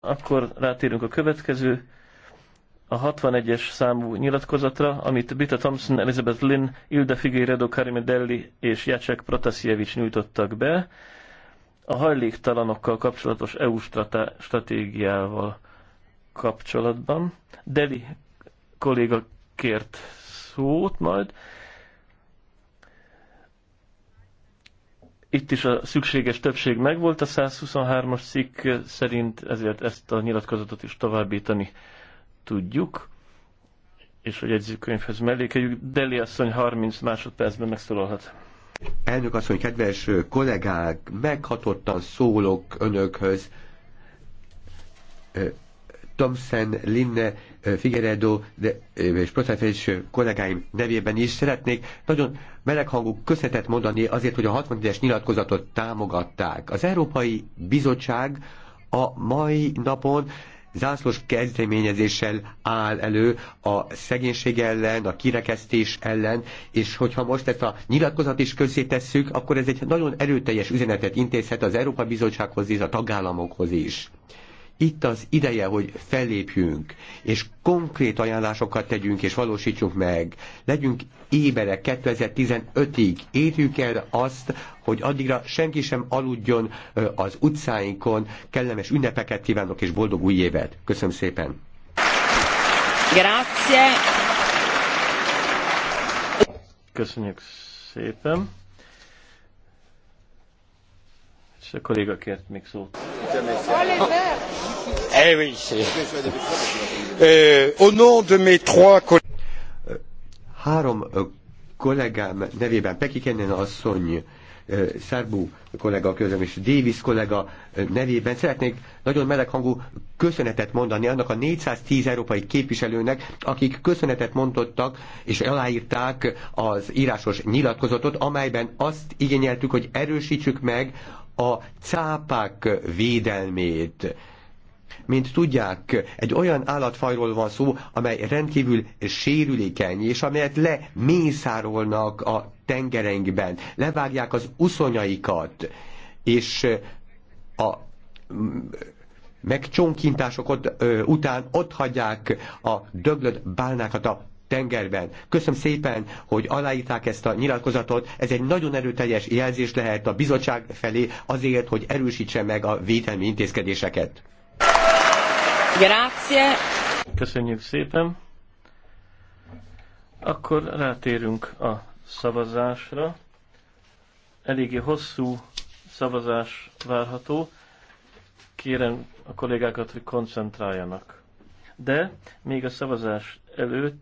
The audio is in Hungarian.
Akkor rátérünk a következő, a 61-es számú nyilatkozatra, amit Bita Thompson, Elizabeth Lynn, Ilda Figueiredo, Karim Delli és Jacek Protasiewicz nyújtottak be a hajléktalanokkal kapcsolatos EU stratégiával kapcsolatban. Deli kolléga kért szót majd. Itt is a szükséges többség megvolt a 123-as cikk szerint, ezért ezt a nyilatkozatot is továbbítani tudjuk, és hogy jegyzőkönyvhez mellékeljük. Deli asszony 30 másodpercben megszólalhat. Elnök asszony, kedves kollégák, meghatottan szólok önökhöz. Thomsen, Linne, Figueredo de, és Protafés kollégáim nevében is szeretnék nagyon meleghangú köszönetet mondani azért, hogy a 60 es nyilatkozatot támogatták. Az Európai Bizottság a mai napon zászlós kezdeményezéssel áll elő a szegénység ellen, a kirekesztés ellen, és hogyha most ezt a nyilatkozat is közé tesszük, akkor ez egy nagyon erőteljes üzenetet intézhet az Európa Bizottsághoz és a tagállamokhoz is itt az ideje, hogy fellépjünk, és konkrét ajánlásokat tegyünk és valósítsunk meg. Legyünk éberek 2015-ig. Érjük el azt, hogy addigra senki sem aludjon az utcáinkon. Kellemes ünnepeket kívánok és boldog új évet. Köszönöm szépen. Grazie. Köszönjük szépen. És a kolléga kért még szót. Eh oui. Euh, au nom de mes trois Három kollégám nevében Kennen asszony, Szárbú kollega közöm és Davis kollega nevében szeretnék nagyon meleg hangú köszönetet mondani annak a 410 európai képviselőnek, akik köszönetet mondottak és aláírták az írásos nyilatkozatot, amelyben azt igényeltük, hogy erősítsük meg a cápák védelmét. Mint tudják, egy olyan állatfajról van szó, amely rendkívül sérülékeny, és amelyet lemészárolnak a tengerenkben, levágják az uszonyaikat, és a megcsonkintások ott, ö, után ott hagyják a döglött bálnákat a tengerben. Köszönöm szépen, hogy aláírták ezt a nyilatkozatot. Ez egy nagyon erőteljes jelzés lehet a bizottság felé azért, hogy erősítse meg a védelmi intézkedéseket. Grazie. Köszönjük szépen. Akkor rátérünk a szavazásra. Eléggé hosszú szavazás várható. Kérem a kollégákat, hogy koncentráljanak. De még a szavazás előtt